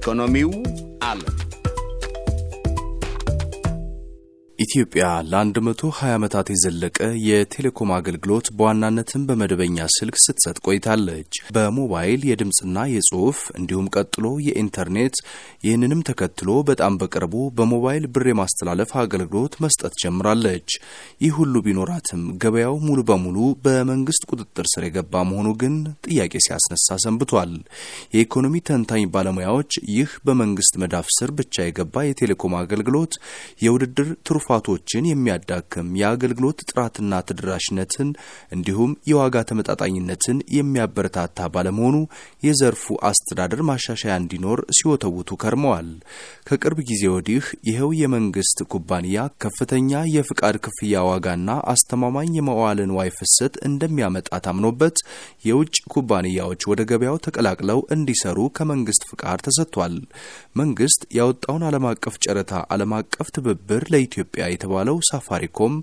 ኢኮኖሚው አለ በኢትዮጵያ ለ120 ዓመታት የዘለቀ የቴሌኮም አገልግሎት በዋናነትም በመደበኛ ስልክ ስትሰጥ ቆይታለች። በሞባይል የድምፅና የጽሑፍ እንዲሁም ቀጥሎ የኢንተርኔት። ይህንንም ተከትሎ በጣም በቅርቡ በሞባይል ብር የማስተላለፍ አገልግሎት መስጠት ጀምራለች። ይህ ሁሉ ቢኖራትም ገበያው ሙሉ በሙሉ በመንግስት ቁጥጥር ስር የገባ መሆኑ ግን ጥያቄ ሲያስነሳ ሰንብቷል። የኢኮኖሚ ተንታኝ ባለሙያዎች ይህ በመንግስት መዳፍ ስር ብቻ የገባ የቴሌኮም አገልግሎት የውድድር ትሩፋ ግብአቶችን የሚያዳክም የአገልግሎት ጥራትና ተደራሽነትን እንዲሁም የዋጋ ተመጣጣኝነትን የሚያበረታታ ባለመሆኑ የዘርፉ አስተዳደር ማሻሻያ እንዲኖር ሲወተውቱ ከርመዋል። ከቅርብ ጊዜ ወዲህ ይኸው የመንግስት ኩባንያ ከፍተኛ የፍቃድ ክፍያ ዋጋና አስተማማኝ የመዋልን ንዋይ ፍሰት እንደሚያመጣ ታምኖበት የውጭ ኩባንያዎች ወደ ገበያው ተቀላቅለው እንዲሰሩ ከመንግስት ፍቃድ ተሰጥቷል። መንግስት ያወጣውን ዓለም አቀፍ ጨረታ ዓለም አቀፍ ትብብር ለኢትዮጵያ የተባለው ሳፋሪኮም፣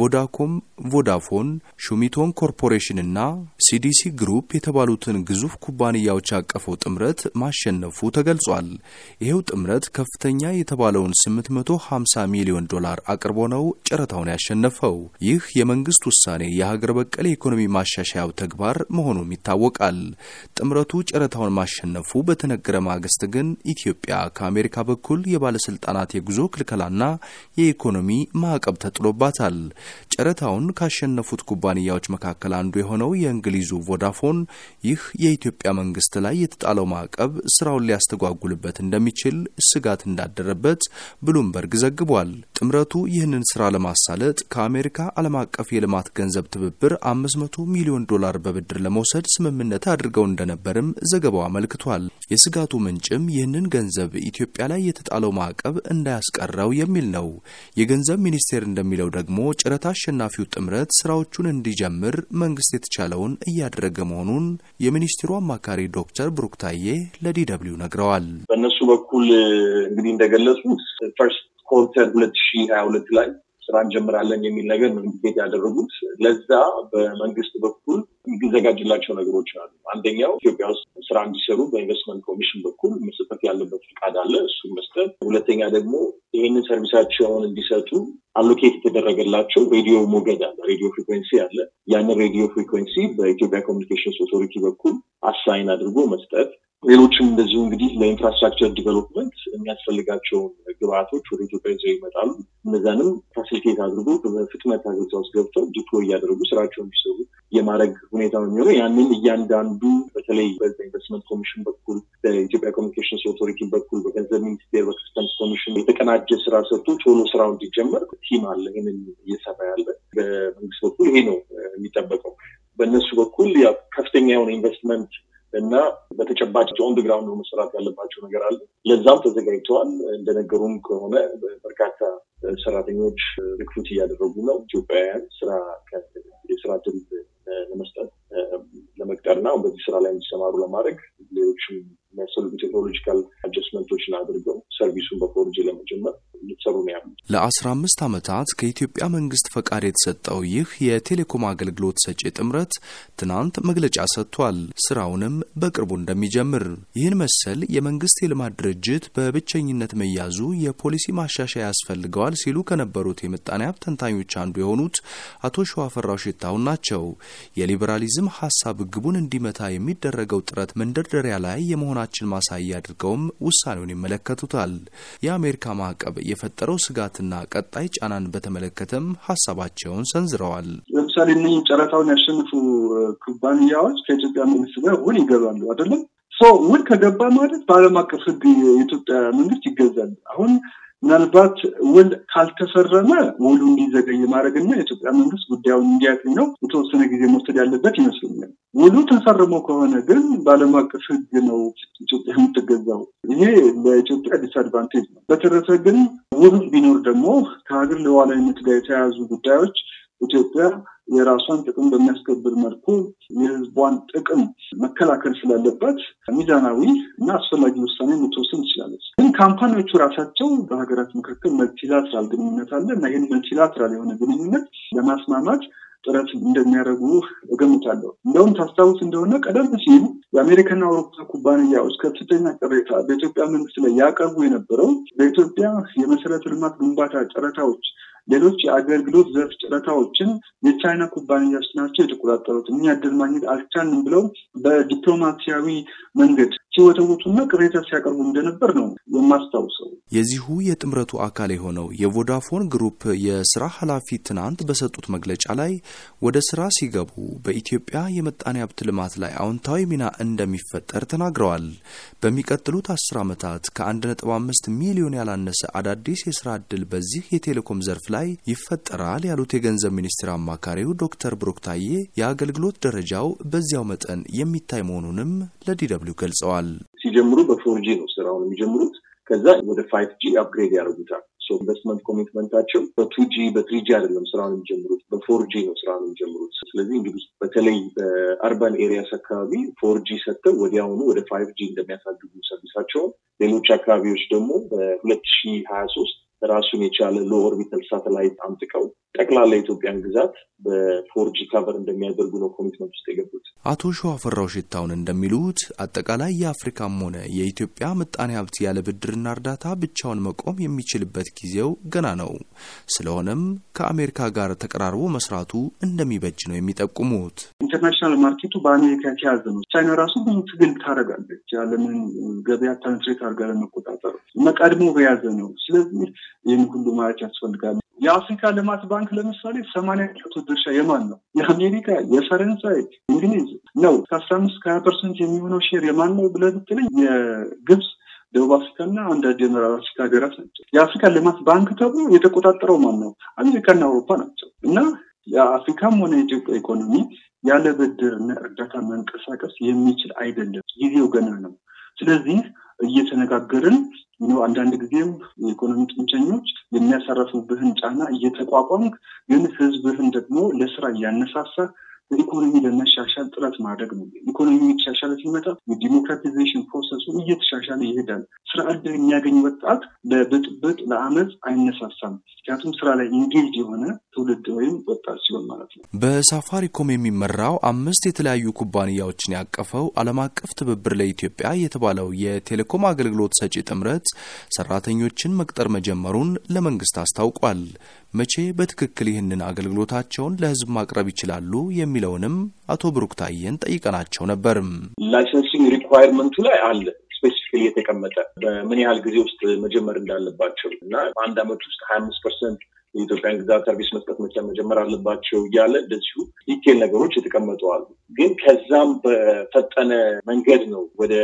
ቮዳኮም፣ ቮዳፎን፣ ሹሚቶን ኮርፖሬሽንና ሲዲሲ ግሩፕ የተባሉትን ግዙፍ ኩባንያዎች ያቀፈው ጥምረት ማሸነፉ ተገልጿል። ይኸው ጥምረት ከፍተኛ የተባለውን 850 ሚሊዮን ዶላር አቅርቦ ነው ጨረታውን ያሸነፈው። ይህ የመንግስት ውሳኔ የሀገር በቀል የኢኮኖሚ ማሻሻያው ተግባር መሆኑም ይታወቃል። ጥምረቱ ጨረታውን ማሸነፉ በተነገረ ማግስት ግን ኢትዮጵያ ከአሜሪካ በኩል የባለስልጣናት የጉዞ ክልከላና የኢኮኖሚ ማዕቀብ ተጥሎባታል። ጨረታውን ካሸነፉት ኩባንያዎች መካከል አንዱ የሆነው የእንግሊ የእንግሊዙ ቮዳፎን ይህ የኢትዮጵያ መንግስት ላይ የተጣለው ማዕቀብ ስራውን ሊያስተጓጉልበት እንደሚችል ስጋት እንዳደረበት ብሉምበርግ ዘግቧል። ጥምረቱ ይህንን ስራ ለማሳለጥ ከአሜሪካ ዓለም አቀፍ የልማት ገንዘብ ትብብር 500 ሚሊዮን ዶላር በብድር ለመውሰድ ስምምነት አድርገው እንደነበርም ዘገባው አመልክቷል። የስጋቱ ምንጭም ይህንን ገንዘብ ኢትዮጵያ ላይ የተጣለው ማዕቀብ እንዳያስቀረው የሚል ነው። የገንዘብ ሚኒስቴር እንደሚለው ደግሞ ጨረታ አሸናፊው ጥምረት ስራዎቹን እንዲጀምር መንግስት የተቻለውን እያደረገ መሆኑን የሚኒስትሩ አማካሪ ዶክተር ብሩክታዬ ለዲደብሊው ነግረዋል። በእነሱ በኩል እንግዲህ እንደገለጹት ፈርስት ኮንተር ሁለት ሺ ሀያ ሁለት ላይ ስራ እንጀምራለን የሚል ነገር ምንጌት ያደረጉት ለዛ በመንግስት በኩል የሚዘጋጅላቸው ነገሮች አሉ። አንደኛው ኢትዮጵያ ውስጥ ስራ እንዲሰሩ በኢንቨስትመንት ኮሚሽን በኩል መስጠት ያለበት ፍቃድ አለ፣ እሱን መስጠት። ሁለተኛ ደግሞ ይህንን ሰርቪሳቸውን እንዲሰጡ አሎኬት የተደረገላቸው ሬዲዮ ሞገድ አለ፣ ሬዲዮ ፍሪኩዌንሲ አለ። ያንን ሬዲዮ ፍሪኩዌንሲ በኢትዮጵያ ኮሚኒኬሽንስ ኦቶሪቲ በኩል አሳይን አድርጎ መስጠት ሌሎችም እንደዚሁ እንግዲህ ለኢንፍራስትራክቸር ዲቨሎፕመንት የሚያስፈልጋቸውን ግብአቶች ወደ ኢትዮጵያ ይዘው ይመጣሉ። እነዛንም ፋሲሊቴት አድርጎ በፍጥነት አገዛ ውስጥ ገብተው ዲፕሎ እያደረጉ ስራቸውን እንዲሰሩ የማድረግ ሁኔታ ነው የሚሆነው። ያንን እያንዳንዱ በተለይ በኢንቨስትመንት ኮሚሽን በኩል በኢትዮጵያ ኮሚኒኬሽንስ ኦቶሪቲ በኩል በገንዘብ ሚኒስቴር በክስተንስ ኮሚሽን የተቀናጀ ስራ ሰጥቶ ቶሎ ስራው እንዲጀመር ቲም አለ። ይህንን እየሰራ ያለ በመንግስት በኩል ይሄ ነው የሚጠበቀው። በእነሱ በኩል ከፍተኛ የሆነ ኢንቨስትመንት እና በተጨባጭ ኦን ግራውንድ ሆኖ ያለባቸው ነገር አለ። ለዛም ተዘጋጅተዋል። እንደነገሩም ከሆነ በርካታ ሰራተኞች ሪክሩት እያደረጉ ነው። ኢትዮጵያውያን ስራ የስራ ድል ለመስጠት ለመቅጠርና በዚህ ስራ ላይ እንዲሰማሩ ለማድረግ ሌሎችም የሚያስፈልጉ ቴክኖሎጂካል አጀስትመንቶችን አድርገው ሰርቪሱን በፎርጂ ለመጀመር እየተሰሩ ነው ያሉት። ለአስራ አምስት ዓመታት ከኢትዮጵያ መንግስት ፈቃድ የተሰጠው ይህ የቴሌኮም አገልግሎት ሰጪ ጥምረት ትናንት መግለጫ ሰጥቷል። ስራውንም በቅርቡ እንደሚጀምር ይህን መሰል የመንግስት የልማት ድርጅት በብቸኝነት መያዙ የፖሊሲ ማሻሻያ ያስፈልገዋል ሲሉ ከነበሩት የምጣኔ ሀብት ተንታኞች አንዱ የሆኑት አቶ ሸዋፈራው ሽታውን ናቸው። የሊበራሊዝም ሀሳብ ግቡን እንዲመታ የሚደረገው ጥረት መንደርደሪያ ላይ የመሆናችን ማሳያ አድርገውም ውሳኔውን ይመለከቱታል። የአሜሪካ ማዕቀብ የፈጠረው ስጋትና ቀጣይ ጫናን በተመለከተም ሀሳባቸውን ሰንዝረዋል። ለምሳሌ እነ ጨረታውን ያሸንፉ ኩባንያዎች ከኢትዮጵያ መንግስት ጋር ውል ይገባሉ አይደለም። ውል ከገባ ማለት በዓለም አቀፍ ህግ የኢትዮጵያ መንግስት ይገዛል። አሁን ምናልባት ውል ካልተፈረመ ውሉ እንዲዘገይ ማድረግና የኢትዮጵያ መንግስት ጉዳዩን እንዲያገኝ ነው የተወሰነ ጊዜ መውሰድ ያለበት ይመስለኛል። ውሉ ተፈርሞ ከሆነ ግን በዓለም አቀፍ ሕግ ነው ኢትዮጵያ የምትገዛው። ይሄ ለኢትዮጵያ ዲስአድቫንቴጅ ነው። በተረፈ ግን ውሉ ቢኖር ደግሞ ከሀገር ሉዓላዊነት ጋር የተያያዙ ጉዳዮች ኢትዮጵያ የራሷን ጥቅም በሚያስከብር መልኩ የህዝቧን ጥቅም መከላከል ስላለበት ሚዛናዊ እና አስፈላጊ ውሳኔ ምትወስን ትችላለች። ግን ካምፓኒዎቹ ራሳቸው በሀገራት መካከል መልቲላትራል ግንኙነት አለ እና ይህን መልቲላትራል የሆነ ግንኙነት ለማስማማት ጥረት እንደሚያደርጉ እገምታለሁ። እንደውም ታስታውስ እንደሆነ ቀደም ሲል የአሜሪካና አውሮፓ ኩባንያዎች ከፍተኛ ቅሬታ በኢትዮጵያ መንግስት ላይ ያቀርቡ የነበረው በኢትዮጵያ የመሰረተ ልማት ግንባታ ጨረታዎች፣ ሌሎች የአገልግሎት ዘርፍ ጨረታዎችን የቻይና ኩባንያዎች ናቸው የተቆጣጠሩት፣ እኛ እድል ማግኘት አልቻልንም ብለው በዲፕሎማሲያዊ መንገድ ሲወተውቱና ቅሬታ ሲያቀርቡ እንደነበር ነው የማስታውሰው። የዚሁ የጥምረቱ አካል የሆነው የቮዳፎን ግሩፕ የስራ ኃላፊ ትናንት በሰጡት መግለጫ ላይ ወደ ስራ ሲገቡ በኢትዮጵያ የመጣኔ ሀብት ልማት ላይ አዎንታዊ ሚና እንደሚፈጠር ተናግረዋል። በሚቀጥሉት አስር ዓመታት ከ1.5 ሚሊዮን ያላነሰ አዳዲስ የስራ ዕድል በዚህ የቴሌኮም ዘርፍ ላይ ይፈጠራል ያሉት የገንዘብ ሚኒስቴር አማካሪው ዶክተር ብሩክታዬ የአገልግሎት ደረጃው በዚያው መጠን የሚታይ መሆኑንም ለዲ ገልጸዋል። ገልጸዋል። ሲጀምሩ በፎርጂ ነው ስራውን የሚጀምሩት። ከዛ ወደ ፋይቭ ጂ አፕግሬድ ያደርጉታል። ኢንቨስትመንት ኮሚትመንታቸው በቱ በትሪ በትሪጂ አይደለም ስራ ነው የሚጀምሩት፣ ጂ ነው ስራ ነው የሚጀምሩት። ስለዚህ እንግዲህ በተለይ በአርባን ኤሪያስ አካባቢ ፎርጂ ሰጥተው ወዲያውኑ ወደ ፋይቭ ጂ እንደሚያሳድጉ ሰርቪሳቸውን፣ ሌሎች አካባቢዎች ደግሞ በሁለት ሺ ሀያ ሶስት ራሱን የቻለ ሎ ኦርቢታል ሳተላይት አምጥቀው ጠቅላላ የኢትዮጵያን ግዛት በፎርጂ ካቨር እንደሚያደርጉ ነው ኮሚትመንት ውስጥ የገቡት። አቶ ሸዋፈራው ሽታውን እንደሚሉት አጠቃላይ የአፍሪካም ሆነ የኢትዮጵያ ምጣኔ ሀብት ያለ ብድርና እርዳታ ብቻውን መቆም የሚችልበት ጊዜው ገና ነው። ስለሆነም ከአሜሪካ ጋር ተቀራርቦ መስራቱ እንደሚበጅ ነው የሚጠቁሙት። ኢንተርናሽናል ማርኬቱ በአሜሪካ የተያዘ ነው። ቻይና ራሱ ብዙ ትግል ታደርጋለች፣ ያለምን ገበያ ታንስሬት አድርጋ ለመቆጣጠር መቀድሞ በያዘ ነው። ስለዚህ ይህን ሁሉ ማለት ያስፈልጋል። የአፍሪካ ልማት ባንክ ለምሳሌ ሰማንያ ከመቶ ድርሻ የማን ነው? የአሜሪካ፣ የፈረንሳይ፣ እንግሊዝ ነው። ከአስራ አምስት ከሀያ ፐርሰንት የሚሆነው ሼር የማን ነው ብለህ ብትለኝ የግብፅ ደቡብ አፍሪካ አፍሪካና አንዳንድ የምዕራብ አፍሪካ ሀገራት ናቸው። የአፍሪካ ልማት ባንክ ተብሎ የተቆጣጠረው ማን ነው? አሜሪካና አውሮፓ ናቸው። እና የአፍሪካም ሆነ የኢትዮጵያ ኢኮኖሚ ያለ ብድርና እርዳታ መንቀሳቀስ የሚችል አይደለም። ጊዜው ገና ነው። ስለዚህ እየተነጋገርን ነው። አንዳንድ ጊዜም የኢኮኖሚ ጥንቸኞች የሚያሰረፉብህን ጫና እየተቋቋም ግን ህዝብህን ደግሞ ለስራ እያነሳሳ በኢኮኖሚ ለመሻሻል ጥረት ማድረግ ነው። ኢኮኖሚ የተሻሻለ ሲመጣ የዲሞክራቲዜሽን ፕሮሰሱ እየተሻሻለ ይሄዳል። ስራ እድል የሚያገኝ ወጣት ለብጥብጥ ለአመፅ አይነሳሳም። ምክንያቱም ስራ ላይ ኢንጌጅ የሆነ ትውልድ ወይም ወጣት ሲሆን ማለት ነው። በሳፋሪኮም የሚመራው አምስት የተለያዩ ኩባንያዎችን ያቀፈው ዓለም አቀፍ ትብብር ለኢትዮጵያ የተባለው የቴሌኮም አገልግሎት ሰጪ ጥምረት ሰራተኞችን መቅጠር መጀመሩን ለመንግስት አስታውቋል። መቼ በትክክል ይህንን አገልግሎታቸውን ለህዝብ ማቅረብ ይችላሉ የሚለውንም አቶ ብሩክ ታየን ጠይቀናቸው ነበርም። ላይሰንሲንግ ሪኳየርመንቱ ላይ አለ ስፔሲፊካሊ የተቀመጠ በምን ያህል ጊዜ ውስጥ መጀመር እንዳለባቸው እና በአንድ አመት ውስጥ ሀያ አምስት ፐርሰንት የኢትዮጵያን ግዛት ሰርቪስ መስጠት መቻል መጀመር አለባቸው እያለ እንደዚሁ ዲቴል ነገሮች የተቀመጡ አሉ። ግን ከዛም በፈጠነ መንገድ ነው ወደ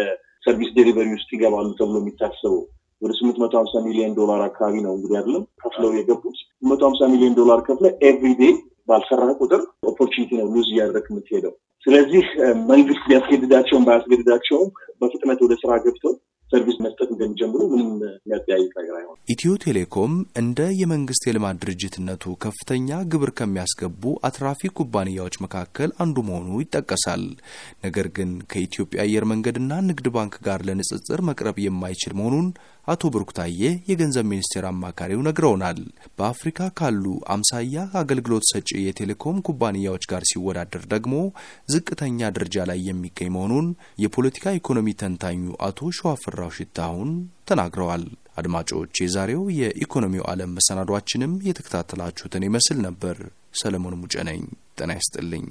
ሰርቪስ ዴሊቨሪ ውስጥ ይገባሉ ተብሎ የሚታሰበው። ወደ ስምንት መቶ ሀምሳ ሚሊዮን ዶላር አካባቢ ነው እንግዲህ አይደለም ከፍለው የገቡት። ስምንት መቶ ሀምሳ ሚሊዮን ዶላር ከፍለ ኤቭሪዴ ባልሰራህ ቁጥር ኦፖርቹኒቲ ነው ሉዝ እያደረግ የምትሄደው። ስለዚህ መንግስት ቢያስገድዳቸውም ባያስገድዳቸውም በፍጥነት ወደ ስራ ገብተው ሰርቪስ መስጠት እንደሚጀምሩ ምንም የሚያጠያይቅ ነገር አይሆን። ኢትዮ ቴሌኮም እንደ የመንግስት የልማት ድርጅትነቱ ከፍተኛ ግብር ከሚያስገቡ አትራፊ ኩባንያዎች መካከል አንዱ መሆኑ ይጠቀሳል። ነገር ግን ከኢትዮጵያ አየር መንገድና ንግድ ባንክ ጋር ለንጽጽር መቅረብ የማይችል መሆኑን አቶ ታዬ የገንዘብ ሚኒስቴር አማካሪው ነግረውናል። በአፍሪካ ካሉ አምሳያ አገልግሎት ሰጪ የቴሌኮም ኩባንያዎች ጋር ሲወዳደር ደግሞ ዝቅተኛ ደረጃ ላይ የሚገኝ መሆኑን የፖለቲካ ኢኮኖሚ ተንታኙ አቶ ሸዋፍራው ሽታሁን ተናግረዋል። አድማጮች፣ የዛሬው የኢኮኖሚው ዓለም መሰናዷችንም የተከታተላችሁትን ይመስል ነበር። ሰለሞን ሙጨ ነኝ። ጤና ይስጥልኝ።